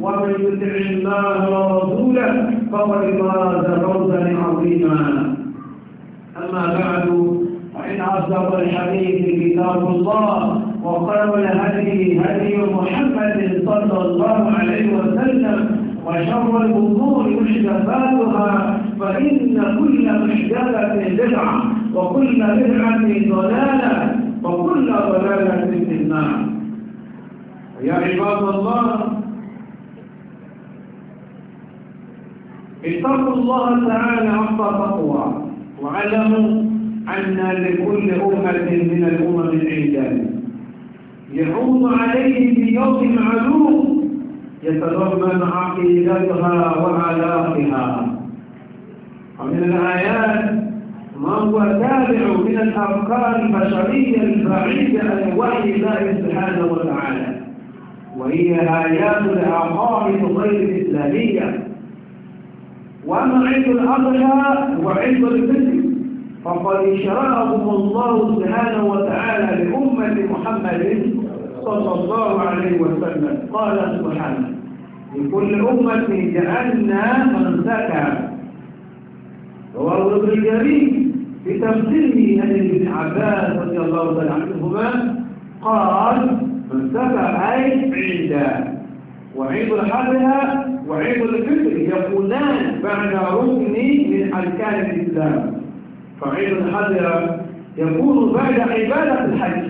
ومن يطع الله ورسوله فقد فاز فوزا عظيما اما بعد فان اصدق الحديث كتاب الله وخير الهدي هدي محمد صلى الله عليه وسلم وشر الامور محدثاتها فان كل محدثه بدعه وكل بدعه ضلاله وكل ضلاله في النار يا عباد الله اتقوا الله تعالى حق تقوى واعلموا أن لكل أمة من الأمم عيدان يحوض عليه في يوم معلوم يتضمن عقيدتها وعلاقها ومن الآيات ما هو تابع من الأفكار البشرية البعيدة عن وحي الله سبحانه وتعالى وهي آيات العقائد غير الإسلامية وأما عيد الأضحى وعند عيد فقد شرعه الله سبحانه وتعالى لأمة محمد صلى الله عليه وسلم قال سبحانه لكل أمة جعلنا منسكا رواه ابن الجريم في تفسيره عن ابن عباس رضي الله تعالى عنهما قال منسكا أي عند وعيد الحرها وعيد الفطر يقولان بعد ركن من أركان الإسلام فعيد الحجر يكون بعد عبادة الحج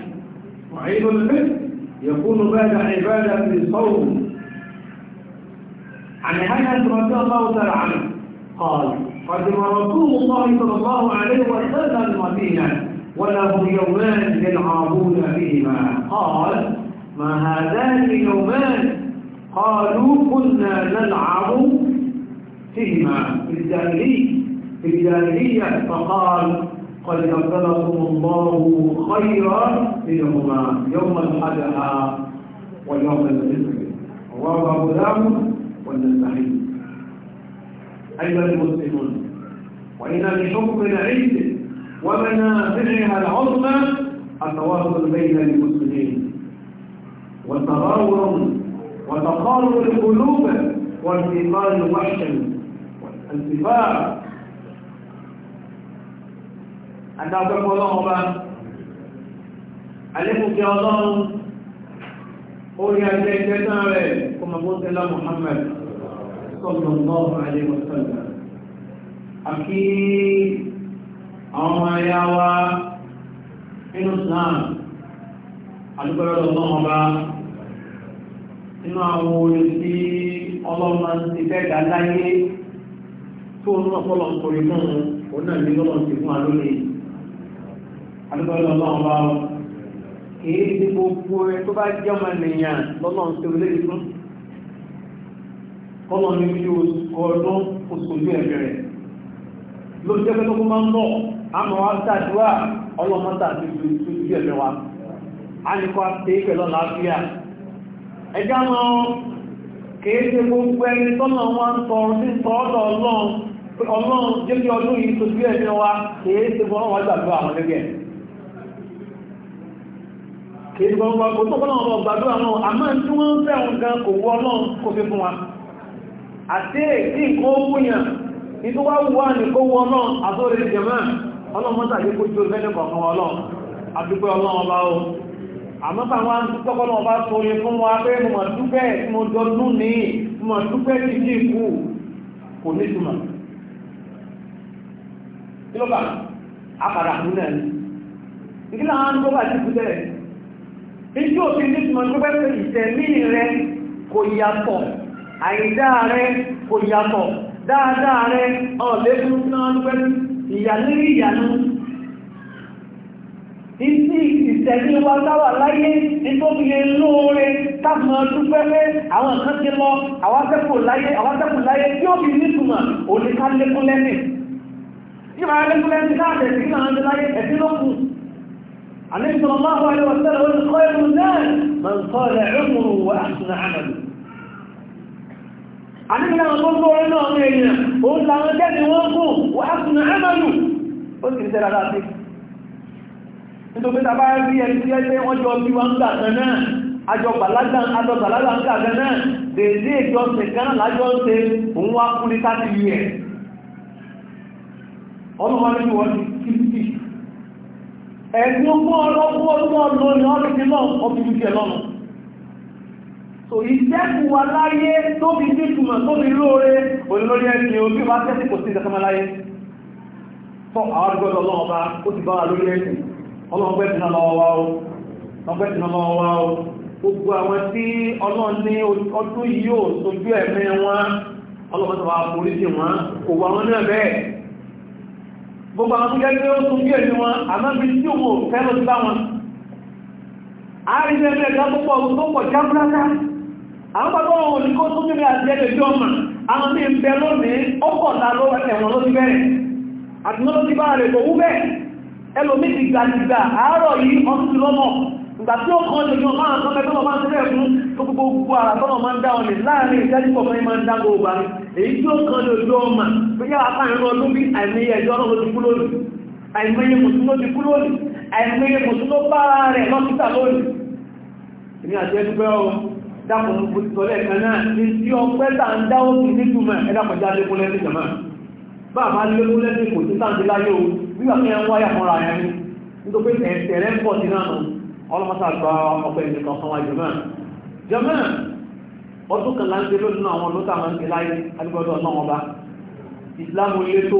وعيد الفطر يكون بعد عبادة الصوم عن هذا رضي الله تعالى عنه قال قدم رسول الله صلى الله عليه وسلم المدينة وله يومان يلعبون بهما قال ما هذان يومان قالوا كنا نلعب فيهما في الجاهلية في الجاهلية فقال قد أبدلكم الله خيرا منهما يوم الحدها ويوم الرزق رواه غلام والنسائي أيها المسلمون وإن بحكم العلم ومنافعها العظمى التواصل بين المسلمين والتضاور وتقارب القلوب وانتقال الوحش والانتفاع àtàkọ́kọ́ ọlọ́run bá alẹ́kùnkẹ́ ọlọ́run orí ajẹ́ ìjẹta rẹ̀ kò mọ̀ bó tẹ́lá Muhammad sallallahu alaihi wasallam àkí àwọn ayá wa inú sáà àdúgbọ́lọ́lọ́run bá nínú àwọn orin tí ọlọ́mọ ti fẹ́ dá láyé tó ń lọ́pọ̀lọ́ ń torí fún un òun náà ní lọ́lọ́ ti fún alóde alúgbọ́lọ́ ọlọ́run bá wọn kìí ní gbogbo ẹ tó bá jẹ́ ọmọ ènìyàn lọ́lọ́ ń torí fún kọ́lọ́ ní bí ọdún oṣooṣù ló jẹ́ pé tó máa ń bọ̀ àmọ́ ẹgá mọ́ kéèké gbogbo ẹni tọ́nà wọn ń tọ́ sí tọ́ọ̀dọ̀ ọlọ́run ọlọ́run jẹ́bí ọdún yìí tó bí ẹ̀mí wa kéèké bọ́ wọn gbàdúrà àwọn gẹ́gẹ́ kéèké wọn gbàdúrà tí wọ́n gan kò wọ́ ọlọ́run kò fi fún wa àti àmọ́ táwọn àdúgbò náà bá sọ̀rọ̀ fún wa pé mo mọ̀ dúpẹ́ tí mo jọ dún ní mo mọ̀ dúpẹ́ tí kì í kú kò ní túmọ̀ kí ló bá apàdà fún náà ní ìdí làwọn àdúgbò bá ti kú tẹ́lẹ̀ ìjú òfin ní túmọ̀ dúpẹ́ pé ìtẹ̀mí rẹ kò yàtọ̀ àìdá rẹ kò yàtọ̀ dáadáa rẹ ọ̀lẹ́fún náà dúpẹ́ ìyàlẹ́ ìyànú ìtẹ̀lé wa táwà láyé nítorí lóore táàmù dúpẹ́lẹ́ àwọn kan ti lọ àwásẹ́kù láyé àwásẹ́kù tí ó fi nítumọ̀ òníká lékúnlẹ́sìn tí máa lékúnlẹ́sìn káàdẹ̀ sí náà ń láyé ẹ̀sìn lókun عليه صلى الله عليه وسلم خير الناس من طال عمره واحسن عمله عليه لما قلت انه nítorí tàbá rí ẹni tí ẹgbẹ́ wọ́n jọ bí wọ́n ń gbà kan náà àjọgbàlágbà ń gbà kan náà dèdè ìjọsìn kan lájọ́ ń ṣe òun wá kú ní káàkì yìí ẹ̀ ọdún wọn ní wọ́n ti kìtì ẹ̀sìn ogún ọlọ́gbọ́n ọdún ọdún ni wọ́n ti náà ọdún ti ẹ̀ lọ́nà tò ìṣẹ́kù wa láyé tó fi ní ìtumọ̀ tó fi lóore olórí ẹni ojú wa tẹ́sí kò sí ìdẹ́sọ́mọ́ láyé fọ́ àwọn àdúgbò ọlọ́ọ̀bá ó ti bá wa lórí ẹ̀sìn ọlọ́run pẹ́ tìǹà lọ́wọ́ wa o ọlọ́run pẹ́ tìǹà lọ́wọ́ wa o gbogbo àwọn tí ọlọ́run ní ọdún yìí yóò sojú ẹ̀mí wọn ọlọ́run tó wà forí sí wọn kò wọ àwọn náà bẹ́ẹ̀ gbogbo àwọn tó jẹ́ pé ó sojú ẹ̀mí wọn a bí tí òun ò fẹ́ lọ sí báwọn àárín ẹgbẹ́ ẹ̀dá púpọ̀ tó pọ̀ jábúrátá àwọn bàbá wọn òní kó tó nílé àti ẹgbẹ́ ìjọ ọmọ àwọn ní ìbẹ̀ lónìí ọkọ̀ta ló ẹ̀wọ̀n ló ti bẹ̀rẹ̀ àti ló ti bá rẹ̀ kò wú bẹ́ẹ̀ ẹlòmí ti gbàgbà àárọ̀ yìí ọdún ti lọ́mọ̀ ìgbà tí ó kọ́ lè yọ máa kọ́ mẹ́tọ́ máa ń tẹ́lẹ̀ fún tó gbogbo ara tọ́nà máa ń dá ọlẹ̀ láàrin ìdájúkọ̀ fẹ́ máa ń dá gbogbo àrí èyí tí ó kọ́ lè lọ ọmọ tó yára fáàrin ọdún bí àìmọye ẹjọ́ ọlọ́run ti kú lónìí àìmọye mùsùlùmọ́ ti kú lónìí àìmọye mùsùlùmọ́ bá rẹ̀ lọ́kítà lónìí èmi àti ẹdúgbẹ́ ọ dákùn bó ti sọ lẹ́ẹ̀kan náà ní tí ọpẹ́ tà ń dá òkú nítumọ̀ ẹ̀dàpọ̀já lékún lẹ́sìn jàmá bá àbá lékún lẹ́sìn kò sí sáǹdí láyé o nígbà tí ẹn wáyà mọ́ra ẹ̀ ní nítorí ẹ̀tẹ̀rẹ́ ń pọ̀ sí náà nù ọlọ́mọta gba ọ̀pọ̀ ẹ̀mí kan fún wa jọmọ́ jọmọ́ ọdún kan láńpẹ́ lónìí náà àwọn olóta máa ń gbé láyé alúgbọ́dọ̀ náà wọn bá ìsìláàmù ilé tó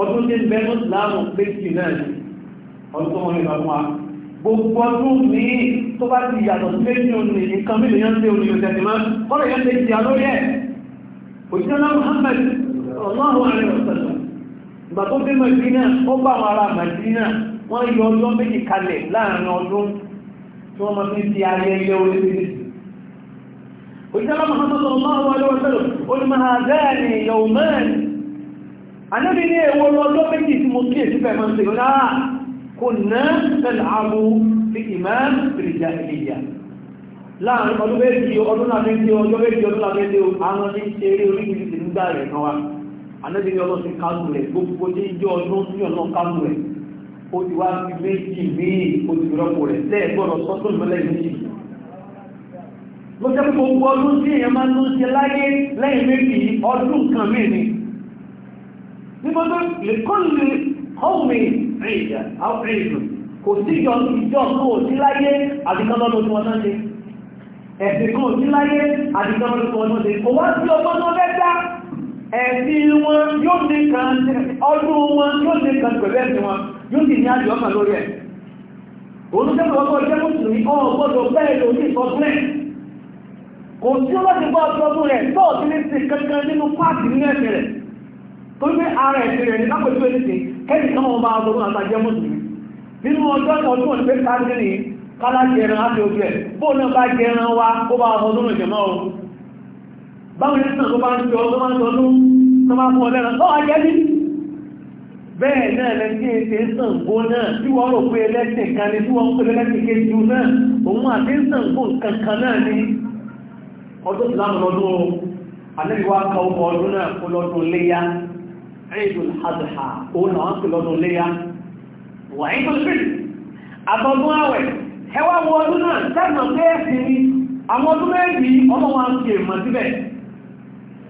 ọdún tí ń bẹ ní ìsìláàmù méjì náà ni ọdún tó wọn lè máa fún wa gbogbo ọdún ní tó bá ti yàtọ̀ sí méjì òní nǹkan mílíọ̀nù yẹn ń ṣe òní ìrìnsẹ̀sìn kọ́lọ̀ yẹn ń ìyà lórí ẹ̀ òṣìṣẹ́ náà Muhammad ọlọ́run àrẹ ìgbà tó dé mẹ́dínà ó bá wọn ara mẹ́dínà wọ́n yọ ọjọ́ méjì kalẹ̀ láàrin ọdún tí wọ́n máa fi ti ayẹyẹ orílẹ̀-èdè òṣìṣẹ́lá Muhammad sallallahu alaihi wa sallam olùmọ̀hàdáàni yọ̀ọ̀mẹ́rin anábi ní èwo lọ́jọ́ méjì tí mo kíyè sípẹ̀ máa ń ṣe náà kò ná tẹ̀lé àbú sí imam ìrìjà ìlìyà láàrin ọdún méjì ọdún láti ń ọjọ́ méjì ọdún láti ń ṣe àwọn ní ṣe eré orí anábì ní ọlọ́sìn kánú rẹ̀ gbogbo ní ìjọ ọdún sí ọ̀nà kánú rẹ̀ ó ti wá fi méjì míì ó ti rọ́pò rẹ̀ lẹ́ẹ̀gbọ́dọ̀ sọ́tún ìmọ̀lẹ́ méjì ló jẹ́ pé gbogbo ọdún tí èèyàn máa ń lọ ṣe láyé lẹ́yìn méjì ọdún kan mí ni nígbà tó lè kọ́ lè ọ̀hún ìrìnà àwọn ìrìnà kò sí ìjọ ìjọ tó ò sí láyé àdìkọ́lọ́dún tí wọ́n náà ṣe ẹ̀sìn kan ò sí láyé àdìkọ́lọ́dún tí wọ́n náà ṣe kò wá sí ọgbọ́n náà fẹ́ dá ẹ̀mí wọn yóò ní kan ọdún wọn yóò ní kan pẹ̀lú ẹ̀mí wọn yóò sì ní àjọ ọkàn lórí ẹ̀ olùdẹ́rù ọgbọ́ jẹ́ mùsùlùmí ọgbọ́dọ̀ bẹ́ẹ̀ ló ní kò sí ó ọdún rẹ̀ ní kankan nínú rẹ̀ tó gbé ara rẹ̀ ní ẹni kan wọn bá wa ó bá báwọn ẹ̀sìn tó bá ń jọ tó máa ń tọ́lú tó máa fún ọlẹ́ra tó ajẹ́ ní bẹ́ẹ̀ náà lẹ́sìn ètè Ṣàngó náà tí wọ́n rò pé ẹlẹ́sìn kan ní tí wọ́n ń pè lẹ́sìn kejì náà òun àti Ṣàngó kankan náà ní ọdún ìlànà lọ́dún o àlẹ́bíwá ka ọkọ̀ ọdún náà kó lọ́dún léyá Eidul Adha òun náà kó lọ́dún léyá wà ní tó fi àtọ́dún àwẹ̀ ẹwà wọ ọdún náà sáà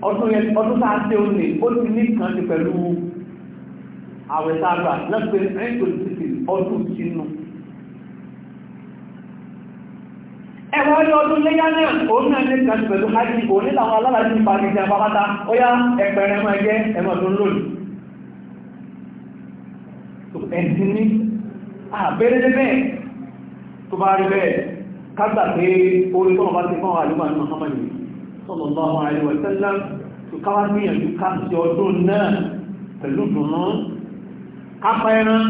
ọdún yẹn ọdún tá a ṣe ó ní ó ti ní kan ti pẹ̀lú àwẹ̀ tá a gbà lẹ́gbẹ̀ẹ́ ẹ̀ńtò títì ọdún sínú. ẹ̀wọ̀n ẹni ọdún léyà náà òun náà ní kan ti pẹ̀lú hajj òní làwọn alálàájú ń parí ìjà pápátá ó yá ẹgbẹ̀rẹ̀ máa jẹ́ ẹ̀mọ̀ tó ń lòlù. ẹ̀sìn ní àbẹ́rẹ́ bẹ́ẹ̀ tó bá rí bẹ́ẹ̀ kágbà pé orí tó wọn bá ti fọ́n àlùmọ́ àlùmọ́ sallallahu alaihi wa sallam tó káwá gbìyànjú ká sí ọdún náà pẹ̀lú dùnú kápá ẹran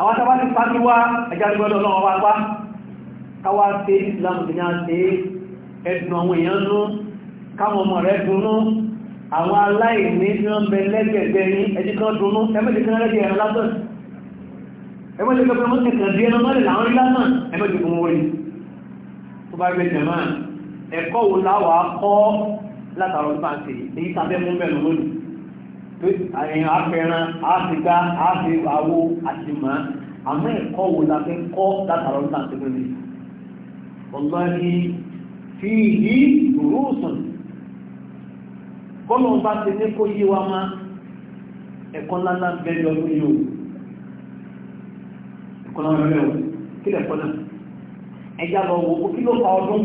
àwọn tàbá ti pàtí wá ẹjá gbọ́dọ̀ lọ́wọ́ wá pa káwá sí ìsìlámù ti ní a ṣe ẹ̀dùn àwọn èèyàn nú káwọn ọmọ rẹ̀ dùnú àwọn aláìní tí wọ́n bẹ lẹ́gbẹ̀ẹ́gbẹ̀ yí ẹjí kan dùnú ẹmẹ́jì kan mọ́ wọ́n rí tó bá gbé jẹ̀máà ẹ̀kọ́ wo láwà kọ́ látàrọ nípa ṣe èyí tàbí mú mẹ́nu lónìí àyìn afẹ́ran àfìgá àfìwáwó àtìmọ́ àmọ́ ẹ̀kọ́ wo la fẹ́ kọ́ látàrọ nípa ṣe lónìí ọlọ́ni fi yí rúùsùn kọ́lọ̀ bá ti ní kó yí wa má ẹ̀kọ́ ńláńlá bẹ́ẹ̀ lọ lórí o ẹ̀kọ́ ńláńlá bẹ́ẹ̀ lọ kí lẹ̀kọ́ náà ẹja lọ wo kí ló fa ọdún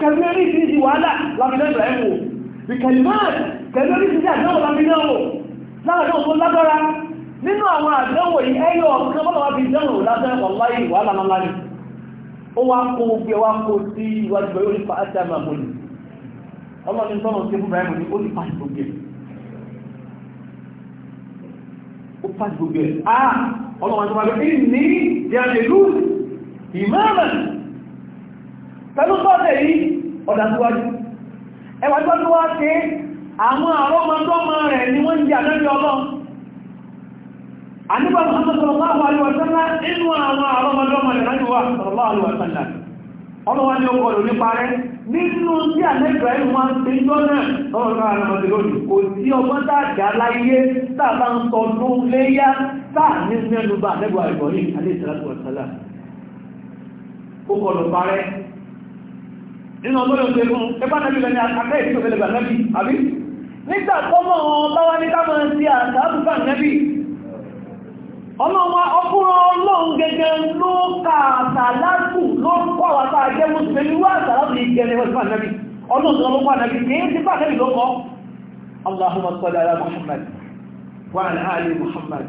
kẹlẹ́rí ti di wàhálà lábílẹ̀ ìbìláyìn wò bìkẹ̀lìmáàdì kẹlẹ́rí ti di àdánwò lábílẹ̀ wò láàdánwò tó lágbára nínú àwọn àdánwò yìí ẹyọ ọ̀kan bọ́lọ̀wà fi dánwò lásán wàláyé wàhálà ńlá ni ó wá kó gbé wá kó sí iwájú ẹ̀ orí fa àti àmà mọ́lì ọlọ́ni tọ́nà sí fún ibrahim ní ó ní pàṣẹ gbogbo ẹ̀ ó pàṣẹ gbogbo ẹ̀ ah ọlọ́wọ́n tó wá lọ ní ìdí àlèlú pẹ̀lú sọ́ọ̀tẹ̀ yìí ọ̀dà síwájú ẹwà tó tó wá ṣe àwọn àrọ́mọdọ́mọ rẹ̀ ni wọ́n jẹ́ àdájọ́ ọlọ́run àníbà Muhammad sallallahu alaihi wa sallam inú àwọn àrọ́mọdọ́mọ rẹ̀ láti wà sallallahu alaihi wa sallam ọlọ́wọ́ ni ó kọlù nípa rẹ̀ nínú tí àlẹ́gbà ẹ̀rù wọn ti ń jọ náà lọ́rọ̀ àrọ̀mọdé lónìí kò sí ọgbọ́n tààjà láyé tààbà ń sọ tó léyá táà ní mẹ́nu bá àlẹ́gbà ẹ̀rù wọn ní alẹ́ ìsìlẹ̀ nínú ọlọ́rọ̀ ṣe fún ẹgbà náà lẹ́ni akẹ́ ìṣẹ́ òfẹ́lẹ̀ gbà nẹ́bí àbí nígbà tọ́mọ̀ ọlọ́wà ní káàmọ̀ sí àtàbùkà nẹ́bí ọmọ wọn ọkùnrin ọlọ́run gẹ́gẹ́ ló ka àtàlátù ló kọ́ àwàtà jẹ́ mùsùlùmí wá àtàlátù ìgẹ́ni wọ́n sí ọlọ́run ló kọ́ nẹ́bí kìí sí pàtẹ́bì ló kọ́ اللهم صل على محمد وعلى آل محمد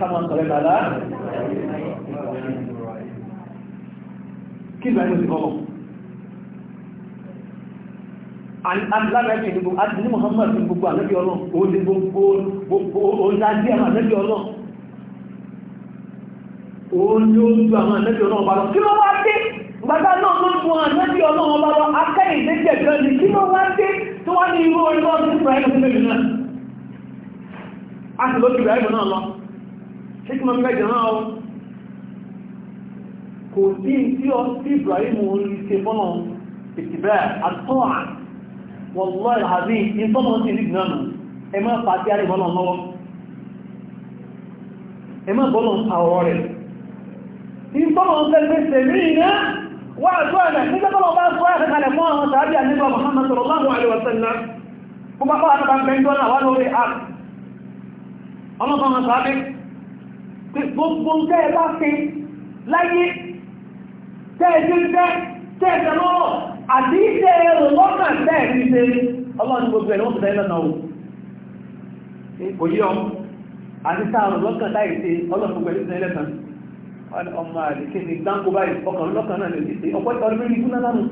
كما صليت على kí ìgbà ìlú ti kọ́kọ́ alábẹ́bí ní gbogbo àti ní Muhammad ní gbogbo àlẹ́bí ọlọ́run ó ní gbogbo òǹdájí àwọn àlẹ́bí ọlọ́run ó ní ó ju àwọn àlẹ́bí ọlọ́run bá lọ kí ló wá dé gbàgbá náà ló ju àwọn àlẹ́bí ọlọ́run bá lọ akẹ́yìndé jẹ̀ gan ni kí ló wá dé tó wá ní irú orin lọ́wọ́ sí ìfúra ẹ̀rọ sílẹ̀ náà a sì lójú ìrẹ́ ìrọ̀ náà lọ sí kí mo fẹ́ jẹ̀ náà kò sí tí ọ sí Ibrahim orin ṣe fọ́nà ìtìbẹ́ àtọ́à wọ̀lọ́ ìhàbí ìfọ́mọ̀ sí ìlú náà ẹ má pàtí àrí bọ́lọ̀ lọ́wọ́ ẹ má bọ́lọ̀ àwọ̀ rẹ̀ ìfọ́mọ̀ fẹ́fẹ́fẹ́ rí iná wà tó ẹ̀nà nígbàtọ́lọ̀ bá fọ́ ẹ̀kẹ́kẹ́lẹ̀ fún àwọn tàbí àníbà Muhammad sallallahu alaihi wasallam kuma kọ́ náà wà lórí àrùn ọlọ́pàá àti ìṣe ẹrù lọ́nà tẹ́ẹ̀ fi ṣe ọlọ́run gbogbo ẹ̀rọ ọ̀sẹ̀ lọ́nà o òyí ọ àti sáàrù lọ́kàn táì ṣe ọlọ́run gbogbo ẹ̀rọ ọ̀sẹ̀ lẹ́sàn ọmọ àdìsí ni dáńgó báyìí ọkàn lọ́kàn náà lè ṣe ọpọ́ ìtọ́ lórí ikú náà lánàá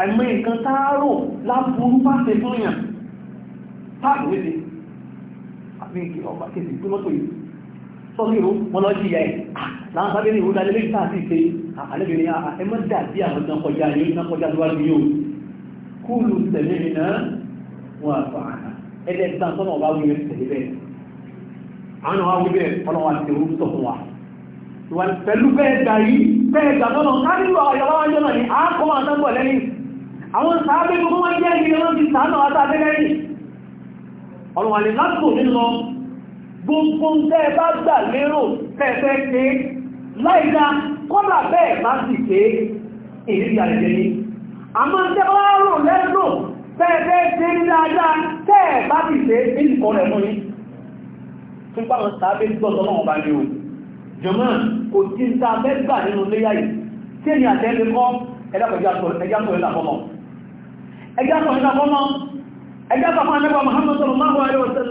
àìmọ̀ nǹkan táàrò láburú bá ṣe fún yàn táàbù wíṣe àbí ọmọ kéde gbọ́mọ́tò yìí sọ́kìrò wọn lọ jí ya ẹ̀ ah, láwọn sábẹ́ ní ìwúdá lélẹ́ ìta àti ìṣe ah, àlẹ́bìnrin ah, ẹmọ́ dàbí àwọn ìdán kọjá yóò ìdán kọjá tó wá ní yóò kúlù tẹ̀lé mi náà wọn àtọ̀ àná ẹ̀dẹ̀ ìta sọ́nà ọba wí rẹ̀ tẹ̀lé bẹ́ẹ̀ àwọn ọmọ wí bẹ́ẹ̀ ọlọ́wà ti rú sọ fún wa wọn pẹ̀lú bẹ́ẹ̀ gbà yìí bẹ́ẹ̀ gbà tọ́nà kánílò àyọ̀wá ni a kọ́ máa sábọ̀ lẹ́yìn àwọn sábẹ́ gbogbo wọn jẹ́ ìgbìyànjú sàánà àtàbẹ́lẹ́yìn ọlọ́wà ni lásìkò nínú gbogbo tẹ́ bá gbà lérò tẹ́ẹ̀fẹ́ pé láìdá kọ́là bẹ́ẹ̀ má sì pé ìrírí àrẹ̀jẹ́ ní àmọ́ tẹ́ bá rò lẹ́rò tẹ́ẹ̀fẹ́ pé ní dáadáa tẹ́ẹ̀ bá sì pé ìlúkọ rẹ̀ mú ní fún pàmọ́ sàábé gbọ́dọ̀ náà bá ní o jọmọ́ kò tí ń ta fẹ́ gbà nínú léyà yìí tí èmi àtẹ́lẹ́ kọ́ ẹjá kọ̀ọ̀lẹ́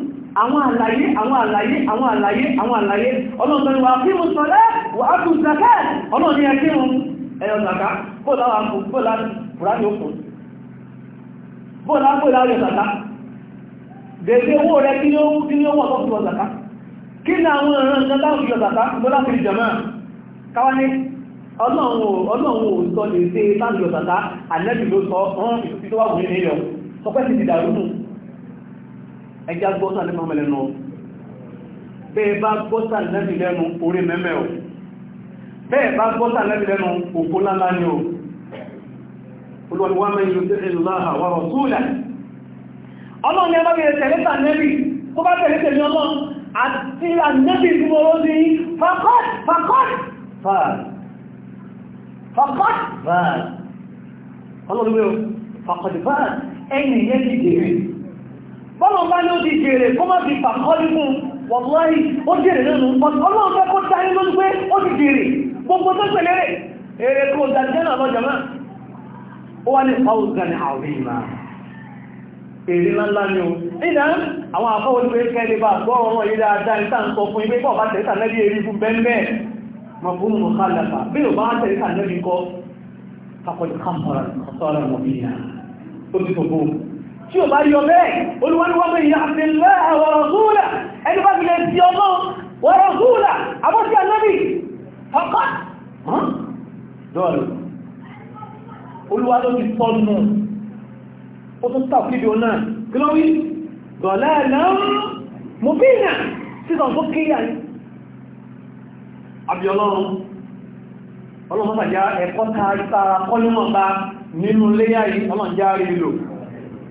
àwọn àlàyé àwọn àlàyé àwọn àlàyé wà fí mú sọ́lẹ́ wà á tún zakẹ́ ọlọ́ọ̀ni ẹ̀kí mú ẹ̀yọ zaka bóòláwà ọlọ́run ẹjá gbọ́sà ní mọ́mọ̀ lẹ́nu bẹ́ẹ̀ bá gbọ́sà lẹ́bì lẹ́nu orí mẹ́mẹ́ o bẹ́ẹ̀ bá gbọ́sà lẹ́bì lẹ́nu òkú lálá ni o olùwàlúwà mẹ́rin yóò tẹ́lẹ̀ láhà wà rọ̀ súlẹ̀ ọlọ́run ẹgbẹ́ bẹ̀rẹ̀ tẹ̀lé tànẹ́bì tó bá tẹ̀lé tẹ̀lé ọlọ́run àti ànẹ́bì tí mo rọ́ sí fakọ́t fakọ́t fàá fakọ́t bọ́lọ̀ bá ní ó di jèrè kó má fi pàkọ́lí fún wọ̀láì ó jèrè nínú ọlọ́run fẹ́ kó dáyé lórí pé ó ti jèrè gbogbo tó pẹ̀lẹ́ rẹ̀ èrè kó dájẹ́ náà lọ́jọ́ náà ó wá ní ọ̀gán àwìmá èrè ńláńlá ni ó nígbà àwọn àfọwọ́ ìwé kẹ́lẹ́ bá gbọ́ ọ̀rọ̀ yìí dáadáa ní sáà ń sọ fún ibé bọ́ bá tẹ̀sà lẹ́bí èrè fún bẹ́ẹ̀ mọ̀fún mọ̀kálàfà bí ò bá tẹ̀sà lẹ́bí kọ́ kakọ̀lù kàmpọ̀rọ̀ ọ̀sọ́rọ̀ mọ̀bíyà ó ti fòfò tí ò bá rí ọmọ ẹ̀ olúwọ́niwọ́n mẹ́ ìyàfẹ́lẹ́ àwọn ọ̀rọ̀súúlà ẹni bá gilẹ̀ sí ọmọ ọ̀rọ̀súúlà àbọ́sí ànábì ọkọ̀ dọ́ọ̀lù olúwa ló ti tọ́nù ó tún tà fídí ọ náà kí ló wí gọ̀lẹ́ náà mú bí ìyà sísọ tó kíyà ní àbí ọlọ́run ọlọ́run mọ́sàjá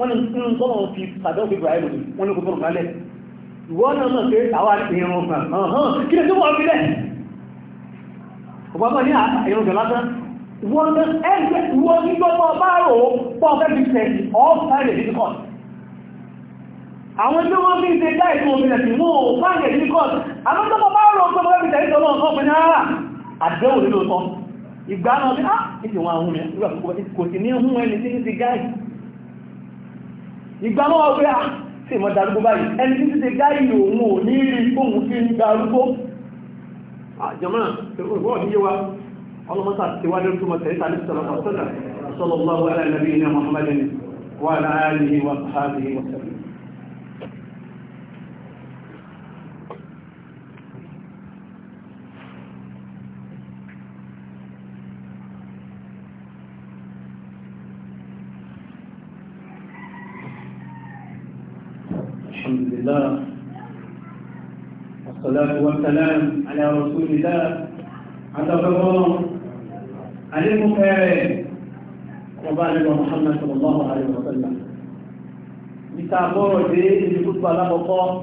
wọ́n ní nínú tọ́nà fi sàdọ́ fi bàá ìlú wọ́n ní kò tọ́nà lálẹ̀ ìwọ́n náà mọ̀ pé àwa ìrùn kan hàn kí lè tó wọ́n fi lẹ̀ ọ̀pọ̀pọ̀ ní ìrùn kan lásán wọ́n ní ẹgbẹ́ ìwọ́n ní gbọ́gbọ́ bá rò pọ̀ fẹ́ fi tẹ̀ ọ́fẹ́lẹ̀ difficult àwọn tí wọ́n fi ń ṣe dá ìtún omi ẹ̀sìn mú fáìlẹ̀ difficult àwọn tó bá rò pọ̀ fẹ́ fi tẹ̀ ìtọ́ náà kan fi ní ara àdéhùn nílò tán ìgbà náà bí ah, á ìdíwọ̀n àwọn ohun ẹ̀ kò sí ní hún ẹni tí ń ti gáì ìgbà náà wọ́n pé à sí ìmọ̀ darúgbó báyìí ẹni tí ti gáyì òun ò ní rí ohun tí ń darúgbó ah, àjọmọ́ ìwọ́ ní yíwa ọlọ́mọ́sà ti wá lórí túnmọ̀ tẹ̀lé tàbí sọ̀rọ̀ sọ̀rọ̀ sọ̀rọ̀ والصلاة والسلام على رسول الله عبد الله عليكم خير وبعد محمد صلى الله عليه وسلم ìtàbọ̀rọ̀ dé ìdíkùtù alákọ̀ọ́kọ́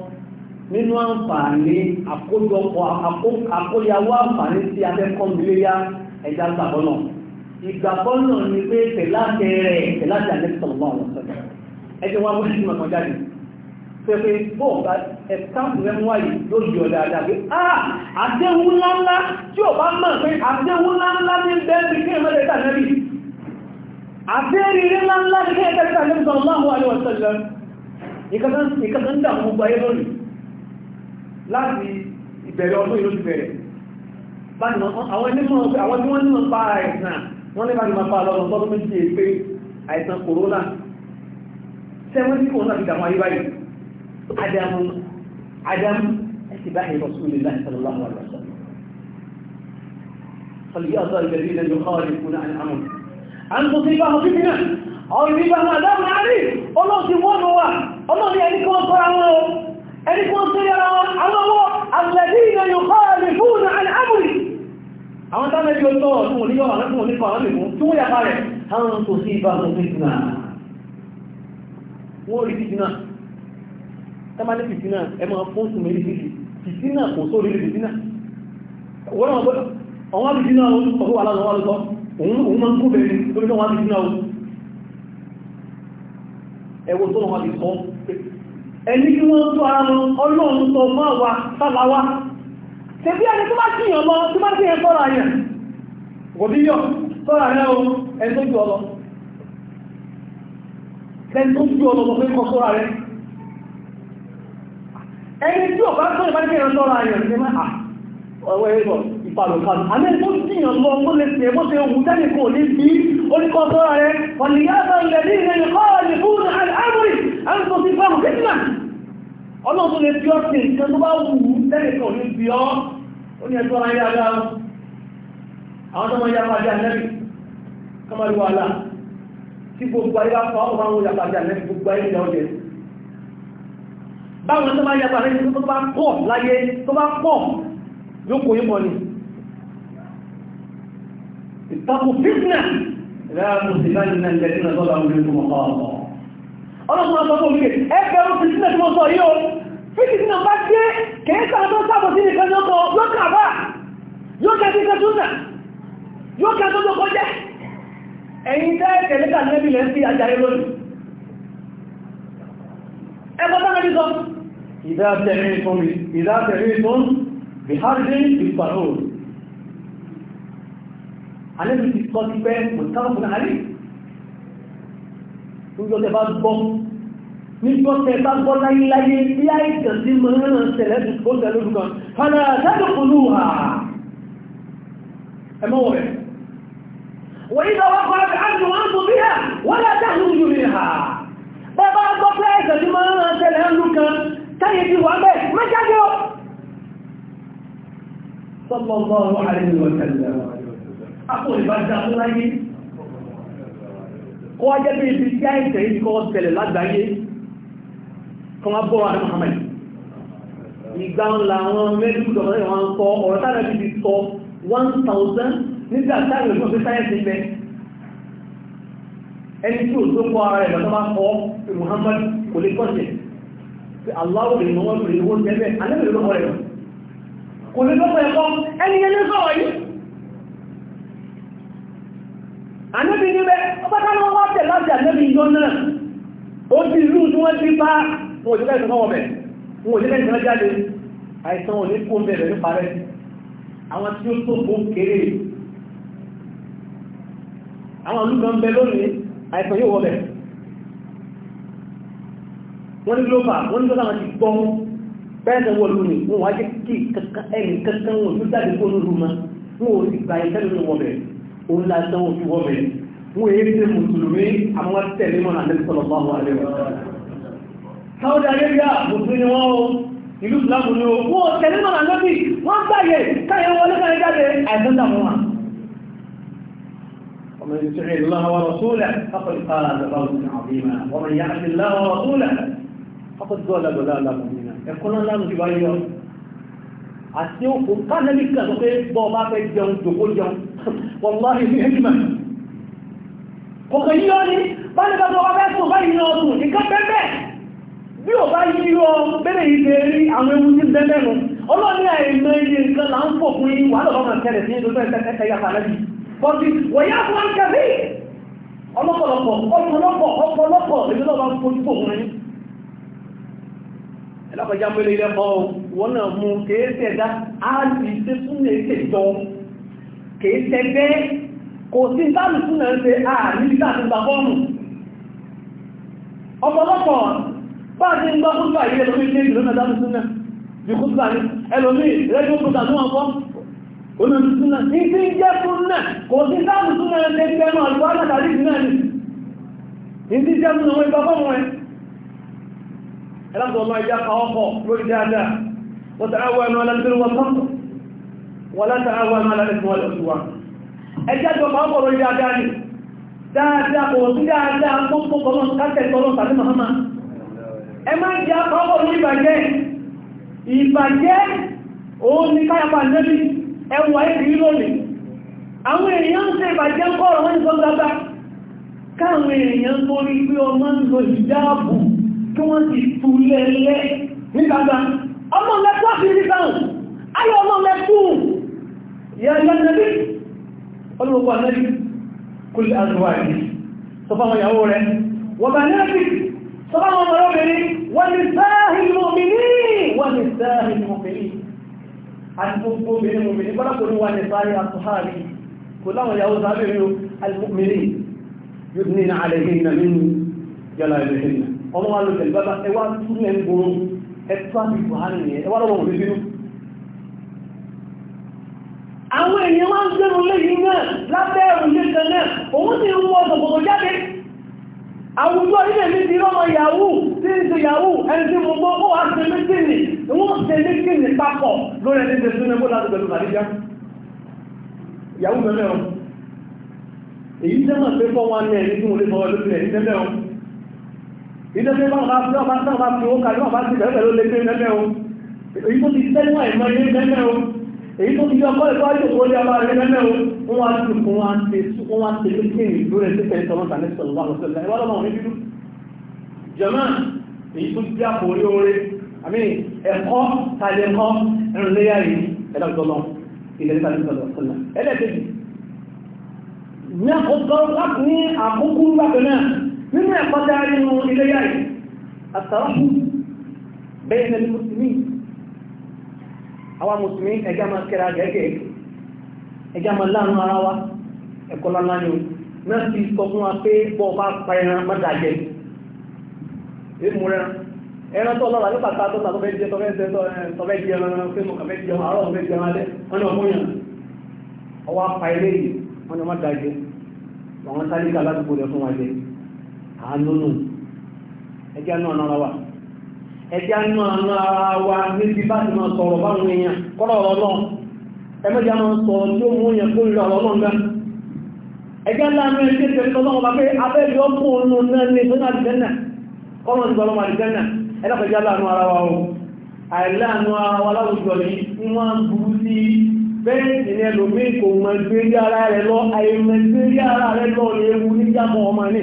nínú àǹfààní àkójọpọ̀ àkóyawó àǹfààní tí a fẹ́ kọ́míléyà ẹ̀dá gbàgbọ́nà ìgbàgbọ́nà ni pé tẹ̀láṣẹ rẹ̀ tẹ̀láṣẹ àlẹ́sọ̀rọ̀ ọ̀sẹ̀ ẹ̀jẹ̀ wa wọ́n ṣì mọ̀ jáde pé ẹ̀sáàmù rẹ̀ wáyé ló yọ dáadáa pé ah àdéhùn ńláńlá tí ò bá mọ̀ pé àdéhùn ńláńlá ní bẹ́ẹ̀bì kí ẹ̀mẹ́lẹ́ta nẹ́bì àbẹ́rẹ̀ ńláńlá ní ẹ̀ẹ́dẹ́gbẹ̀ta nẹ́bì sọ̀rọ̀láhùn àríwọ̀sọ̀lẹ̀ ìkàtà ń dàmú gbáyé lónìí láti ìbẹ̀rẹ̀ ọdún ìlú ti bẹ̀rẹ̀ àwọn tí wọ́n ní pa àìsàn wọ́n ní báyìí máa pa lọ́rọ̀ tọ́dún méjì pé àìsàn kòrónà 70 kòrónà fi dàmú ayé báyìí عدم اتباع رسول الله صلى الله عليه وسلم فليأذر الذين يخالفون عن أمره أن تصيبهم فتنة أو يصيبهم عذاب عليم الله سبحانه وتعالى الله يعني كون صرعوا يعني كون الله الذين يخالفون عن أمره àwọn tánà bí ọjọ́ ọdún oníyọ́ àwọn onípa àwọn ìmú tí wọ́n yà parẹ̀ hàn tó sí ìbámu fitna wọ́n rí fitna tẹ́mà ní fìtínà ẹ máa fún sùn méjì fìtì fìtínà kò só lórí fìtínà wọ́n máa gbọ́dọ̀ ọwọ́n fìtínà ọdún ọdún wà lánàá wà lọ́tọ́ òun máa ń kó bẹ̀rẹ̀ lórí náà wọ́n fìtínà ọdún ẹwọ tó wọ́n ti sọ ẹni kí wọ́n tó ara lọ ọlọ́run sọ máa wà sábà wá tẹ̀bí ẹni tó bá kíyàn lọ tó bá kíyàn sọ́ra yẹn gòbí yọ ẹni tí ò bá tó ìbájú ìran lọ́ra ayọ̀ ní máa ọwọ́ ẹ̀rọ ìpàlùpàlù àmì tó sì yàn lọ mọ́ lè ṣe mọ́ ṣe ohun tẹ́lẹ̀ kò ní bí oníkọ́ sọ́ra rẹ̀ wọ́n ni yára ilẹ̀ ní ilẹ̀ ìkọ́ ọ̀lẹ̀ fún àmúrì àmì tó sì fáwọn kẹ́kìlá ọlọ́run tó lè fi ọ́ sí nǹkan tó bá wù ú tẹ́lẹ̀ kò ní bí ọ́ ó ní ẹjọ́ ayé ara àwọn tó máa yapa bí anẹ́bì kọ́mọ́lú wàhálà tí gbogbo ayé bá fa ọ̀rọ̀ àwọn yapa bí anẹ́bì gbogbo ayé ìjà ọ̀jẹ̀ báwọn tó bá yàtọ̀ àrẹ́ tó bá pọ̀ láyé tó bá pọ̀ yóò kò yípo ni ìtakù fitna láàmù sí bá nínú ẹgbẹ́ tí lọ́dọ̀ àwọn olùkọ́ ọlọ́pàá sọ fún ẹgbẹ̀rún fitna tí wọ́n sọ إذا سمعتم إذا سمعتم بحرب بالطاعون àlẹ́bí ti kọ́ ti pẹ́ mọ̀tàkùn àrí nígbọ́tẹ̀ bá gbọ́ nígbọ́tẹ̀ bá gbọ́ láyéláyé bí àìsàn sí mọ̀rán tẹ̀lẹ̀ tó tẹ̀lẹ̀ lókàn hànà tẹ́lẹ̀kùnú hà ẹmọ́wọ̀ rẹ̀ wọ́n yí lọ́wọ́ kọ́ láti ájú wọn tó bí hà wọ́n látàrí ojú rí hà bẹ́ẹ̀ bá gbọ́ pé àìsàn sí mọ̀rán tẹ̀lẹ̀ lókàn táyé ti wà bẹ́ẹ̀ mẹ́jáde ó sọ́lọ́lọ́ àrẹ́lẹ́ ọ̀tẹ̀lẹ̀ àpò ìbájá láyé kọ́ ajẹ́ bí ibi tí àìsẹ̀ yìí kọ́ tẹ̀lẹ̀ lágbàáyé kan wá bọ́ adé Muhammad ìgbà ńlá wọn mẹ́rin dọ̀rọ̀ wọn sọ ọ̀rọ̀ tára ti di sọ 1000 nígbà táwọn ìlú ọ̀fẹ́ sáyẹ́ǹsì ń bẹ ẹni tí ò tó kọ́ ara ẹ̀ bá kọ́ Muhammad kò lè kọ́ jẹ̀ aláwọ̀ lè mọ́ lórí owó tẹ́lẹ̀ alẹ́bẹ̀rẹ̀ lọ́pọ̀ ẹ̀kọ́ kò lè lọ́pọ̀ ẹ̀kọ́ ẹni ẹni sọ̀rọ̀ yìí anẹ́bì níbẹ̀ ọpátánà wọ́n tẹ̀ láti anẹ́bì ìjọ náà ó ti rú tí wọ́n ti bá wọn òjẹ́lẹ̀ ìsọ́wọ́ bẹ̀ wọn òjẹ́lẹ̀ ìsọ́wọ́ jáde àìsàn òní kó bẹ̀rẹ̀ ní parẹ́ àwọn tí ó tó kó kéré àwọn olùkọ́ ń bẹ lónìí àìsàn yóò wọ́ bẹ̀rẹ̀ wọ́n ní ló fà wọ́n ní ló láwọn ti gbọ́n bẹ́ẹ̀sẹ̀ wọ́n lú ní wọ́n wá jẹ́ kí ẹni kankan wọn ló jáde kó lóru ma wọ́n ò sì gba ẹ̀kẹ́ lórí wọ́n bẹ̀rẹ̀ òun la wọ́n fi wọ́n bẹ̀rẹ̀ wọ́n èyí ṣe mùsùlùmí àwọn tẹ̀lé mọ́nà àti sọ̀rọ̀ bá wọn rẹ̀ Saudi Arabia mùsùlùmí wọn o ìlú ìsìlámù ni o wọ́n tẹ̀lé mọ́nà lọ́bì wọ́n يطع الله ورسوله فقد قال ذكرا عظيما ومن يعص الله ورسوله faqad dalla dalalan mubina ẹ̀kọ́ náà lánàá ti wá yọ àti òkú kánẹ́lì kan tó pé bọ́ọ̀ bá fẹ́ jẹun jòkó jẹun wallahi ní ẹ̀jìmá kọ̀kọ̀ yí ọ ní báyìí bàbá wa fẹ́ sùn báyìí ní ọdún nǹkan bẹ́ẹ̀ bí ò bá yí ọ bẹ́ẹ̀ yìí lè rí àwọn ewu tí bẹ́ẹ̀ nù ọlọ́ọ̀ni àìmọ iye nǹkan là ń pọ̀ fún yín wàhálà ọmọ ìṣẹ̀lẹ̀ sí ẹjọ́ bẹ́ẹ̀ tẹ́tẹ́ yàtọ̀ alẹ́ yìí bọ́sí wọ̀nyá fún akẹ́bí ọlọ́pọ̀lọpọ̀ ọ̀pọ̀lọpọ̀ ọ̀pọ̀lọpọ̀ èmi náà máa ń fojú fò fún yín lápẹjá mẹ́lẹ̀ ilẹ̀ ọ̀ wọ́n náà mú kéèsì ẹ̀dá áàlì tí súnlẹ̀ èsè jọ kéèsì ẹgbẹ́ kò sí sáàlì súnlẹ̀ ń ààrí láti ọ̀pọ̀lọpọ̀ bá ti ń gbọ́ fúnfà yìí ẹlòmí ilé ìlú náà dáàmù súnlẹ̀ ju fúnfà ní ẹlòmí rẹ́gbẹ́ fúnfà ní wọn fọ́ olóòtú súnlẹ̀ ní ti ń jẹ́ súnlẹ̀ ẹlọ́pọ̀ ọmọ ìjá pàwọ́pọ̀ lórí dáadáa wọ́n tààwọ̀ ẹnu alábẹ́rẹ́ wọn tọ́tọ̀ wọ́n látàáwọ̀ ẹnu alábẹ́rẹ́ wọn lọ́tọ̀ wọn ẹjá jọ pàwọ́pọ̀ lórí dáadáa ni dáadáa kò sí dáadáa pọ́pọ̀ kọ́mọ́ káṣẹ̀ ka tàbí mahama ẹ má jẹ́ pàwọ́pọ̀ lórí ni káyapa nẹ́bí ẹwà ìdí lónìí kí wọ́n ti tú lẹ́lẹ́ ní gbàgbà ọmọ lẹ́kú àfihàn sáhùn ayé ọmọ lẹ́kú yẹ̀yẹ́ nẹ́bí olùgbogbo ànẹ́bí kú lè àdúrà yìí sọ fáwọn ìyàwó rẹ̀ wọ́n bá nẹ́bí sọ fáwọn ọmọ obìnrin wọ́n ni sáàhìn mọ̀mìnì wọ́n ni sáàhìn mọ̀mìnì àti gbogbo obìnrin mọ̀mìnì gbọ́dọ̀ kò ní wà ní sáàhìn àtúhàrí kò láwọn ìyàwó sáàbìnrin alìmọ̀mìnì yóò ní àlẹ́hìn nàmínú yálà ìlú ọmọ wa ló tẹ̀lé bàbá ẹ wá túnú ẹ̀ ń gbòòrò ẹ tó àti buhari yẹn ẹ wá lọ́wọ́ òun bínú. àwọn èèyàn wá ń gbẹ́rù lẹ́yìn náà lábẹ́ ẹ̀rù lẹ́sẹ̀ náà òun sì ń wọ ṣòkòtò jáde àwùjọ ilé mi ti rọ́mọ yahoo tí ń ṣe yahoo ẹni tí mo gbọ́ ó wá ṣe méjìlì wọ́n ṣe méjìlì papọ̀ lórí ẹni tẹ̀sí ní ẹgbẹ́ láti pẹ̀lú nàìjíríà yahoo mẹ́mẹ́ o èyí tẹ́mọ̀ pé fọ́ wọn ní ẹni tí mo lè fọwọ́ lókè ẹni tẹ́mẹ́ o ilé tó bá bá bá bá bá fi owó kalẹ̀ wà bá ti bẹ̀rẹ̀ pẹ̀lú lẹ́gbẹ̀ẹ́ mẹ́mẹ́ o èyí tó ti tẹ́lẹ̀ wà ìmọ̀ ilé mẹ́mẹ́ o èyí tó ti yọ ọkọ̀ ẹ̀kọ́ ayé òkú ọjà bá rẹ̀ mẹ́mẹ́ o wọ́n wá ti fún wa ti wọ́n wá ti lókè ìlú rẹ̀ sí tẹ̀lé tọ́lọ́ta ní sọ̀rọ̀ wà lọ́sẹ̀ lẹ́yìn wọ́n lọ́mọ ní dúdú. jama èyí tó ti àpò orí orí àmì ẹ̀kọ́ tàbí ẹ̀kọ́ ẹ̀rùn léyà yìí ẹ̀dá gbọ́dọ̀ ilẹ̀ nípa ní sọ̀rọ̀ sọ̀rọ̀ ẹ̀dẹ̀ tẹ̀lé ní àkókò láti ní àkókò láti náà dárí nù ilé yáyì àtàràkù bẹ́ẹ̀ ní mùsùlùmí àwọn mùsùlùmí ẹjá máa kẹra gẹ́gẹ́ ẹjá máa láàánú ara wa ẹ̀kọ́ lọ́lá ni náà ti sọ fún wa pé bọ́ bá pa ẹran mọ́ta jẹ ìmúra ẹran tó lọ́la nípa ta tó tàbí jẹ tọ́fẹ́ jẹ ẹran pé mo kàfẹ́ jẹ àárọ̀ mo fẹ́ jẹ alẹ́ wọn ni ọmọ yàn ọwọ́ apá ilé yìí wọn ni wọn àánúnù ẹjẹ́ náà náà wà ẹjẹ́ náà náà wà níbi bá ti máa sọ̀rọ̀ báwọn èèyàn kọ́rọ̀ ọ̀rọ̀ náà ẹmẹ́jẹ́ máa sọ̀rọ̀ tí ó mú yẹn kó lọ ọ̀rọ̀ náà ẹjẹ́ láàánú ẹjẹ́ tẹ̀lé ọlọ́run bá pé abẹ́lẹ̀ ọkùnrin náà ní sọ́nà àdìjẹ́nà kọ́rọ̀ ti gbọ́lọ́mọ àdìjẹ́nà ẹlẹ́fẹ̀jẹ́ láàánú ara wa o àìláàánú ara wa láwùjọ ní wọ́n burú sí bẹ́ẹ̀sì ni ẹlòmíì kò mọ̀ gbé rí ara rẹ̀ lọ àìmọ̀ gbé rí ara rẹ̀ lọ ewu níjàmọ̀ ọmọ ní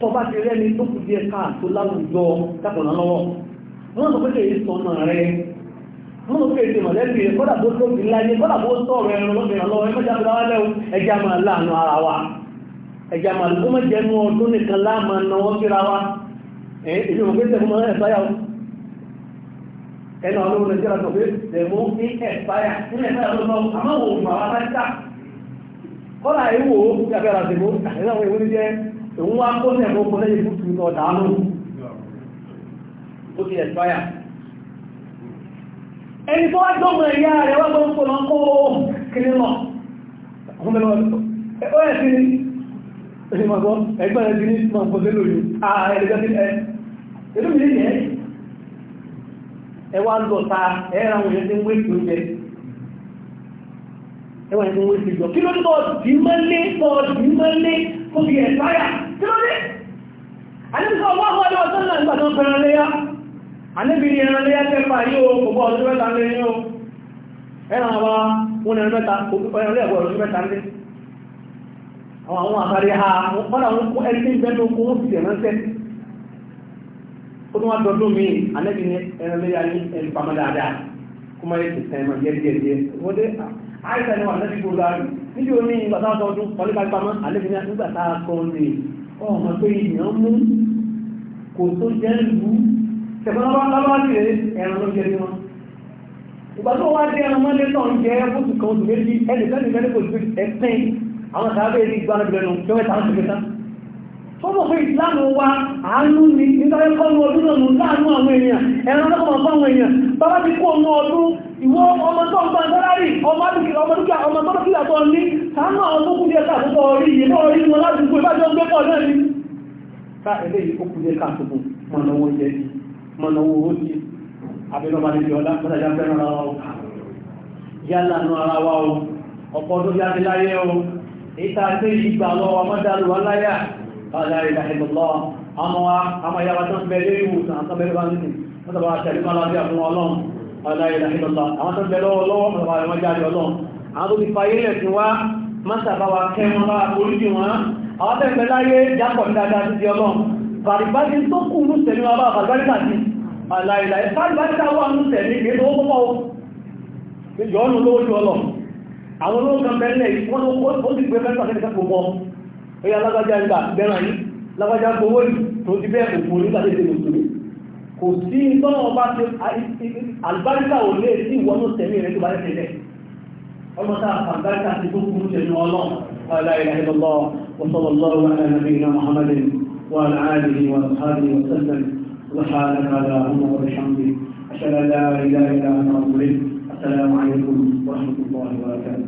tọba ti rẹ́ ní tó kù díẹ̀ káàtó láwùjọ dákọ̀nà lọ́wọ́ wọ́n sọ pé kèé sọmọ rẹ̀ wọ́n sọ pé èdè mọ̀lẹ́bí rẹ̀ kọ́dà bó tóbi láyé kọ́dà bó sọ̀rọ̀ ẹran lọ́bìnrin lọ́wọ́ ẹgbẹ́ jáde láwá lẹ́wọ́ ẹjá máa láàánú ara wa ẹjá máa lọ́wọ́ mẹ́jẹnu ọdún nìkan láàmà náwọ́ síra wa èyí ò gbèsè fún ẹ̀sáyà ẹnu àwọn olóòrùn ìjọba sọ pé tẹ̀mú ní ẹ̀sáyà nílẹ̀ ẹ̀sáyà lọ́wọ́ àmọ́ òun àwọn aláìsà kọ́dà ìwò ìjàbẹ̀rẹ̀ àtẹ̀mú àtẹ̀láwọ̀ ìwé ní jẹ́ òun wá kó sẹ̀kọ́ kó lẹ́yìn fún tùmí ọ̀dà lóhùn ó ti ẹ̀sọ́yà ẹni tó wá jọmọ ẹ̀yà rẹ̀ wá tó ń kó lọ kó kiri lọ àwọn mẹ́lọ ẹ̀kọ́ ẹ̀ sí ẹni máa gbọ́ ẹgbẹ́ rẹ̀ sí ní máa kó sí lórí ààrẹ ẹ̀lẹ́gbẹ́ sí ẹ̀ ẹ̀lú mi yẹ ẹ wá lọ ta ẹ̀rọ àwọn ẹ̀sìn ń wé sí oúnjẹ ẹwà ẹ̀sìn ń wé sí ìjọ kí ló ń bọ̀ dì mọ́lé bọ̀ dì mọ́lé fún bí ẹ̀sáyà àníbìsọ̀ wọ́n wọ́n lọ́wọ́ tó náà gbàdán fẹ́ràn léyá àníbì ní ẹran léyá tẹ́fà yíò kòbọ̀ ọdún mẹ́ta lé ní o ẹran wa wọn ẹran mẹ́ta ẹran lé ẹ̀gbọ́ ọdún mẹ́ta lé àwọn àwọn àkàrí ha wọ́n àwọn kó ẹni tí ń bẹ́ẹ̀ lókun ó sì ẹ̀rán sẹ́ ó tún wá dọdún mi àníbì ní ẹran léyá ní ẹni pamọ́ dáadáa kó má yẹ kìtẹ́ ẹ̀mọ́ jẹ́jẹ́jẹ́ wọ́n dé ah, àìsàn ni wà ọmọ pé ènìyàn mú kò tó jẹ́ ìlú tẹ̀fọ́nà ẹran kan ìwọ ọmọ tó ń gba sálárì ọmọ dúkìá ọmọ dúkìá ọmọ tó dúkìá tó ní sáánà àwọn tó kúrò ẹ̀ka àtúntọ̀ orí ìyè náà orí wọn láti gbé bá jọ ń gbé pọ̀ náà ni ká ẹ̀lẹ́ yìí ó kú ẹ̀ka àtúntọ̀ mọ̀nàwó jẹ́ ni mọ̀nàwó ó ti abẹ́lọ́ba níbi ọ̀dá mọ́tàjá fẹ́ràn ara wa o yálà nù ara wa o ọ̀pọ̀ tó yá ti láyé o ìta sí ìgbà lọ́wọ́ mọ́dálù wa láyà aláìlà ìlọ́lọ́ àmọ́ àmọ́ yàrá tó ń bẹ lórí ìwòsàn àtàbẹ̀rẹ̀ bá ń sìn mọ́tàbà tẹ̀lé aláìláìlọ́lá àwọn tó bẹ̀rẹ̀ ọlọ́wọ́ àwọn àwọn ìwájáde ọlọ́run àwọn tó ti fa ilẹ̀ tí wá mọ́sà bá wa kẹ́ wọn bá oríjì wọn àwọn tẹ́ ìfẹ́ láyé jápọ̀ ní dáadáa ti di ọlọ́run bàrìbájí tó kù ní tẹ̀lé wa bá bàrìbájíkà sí aláìláìbájíkà wà ní tẹ̀lé ìgbésẹ̀ owó pọ́pọ́ yọ ọ́nù lówó ju ọlọ́ àwọn olówó kan bẹ́ẹ̀ wọ́n ó sì gbé fẹ́ẹ́ pàṣẹ kò mọ́ ó yà lágbájá ń gbà bẹ́ràn yìí lágbájá gbowó yìí tó ti bẹ́ẹ̀ òkú onígbà tètè lòsùn kò sí tọ́nà ọba tí àlùbáríkà ò lè sí ìwọ́nú tẹ̀mí rẹ̀ tó bá lẹ́sẹ̀ lẹ̀ ọmọ tá àlùbáríkà ti tó kúrú tẹ̀mí ọlọ́run la ilaha illallah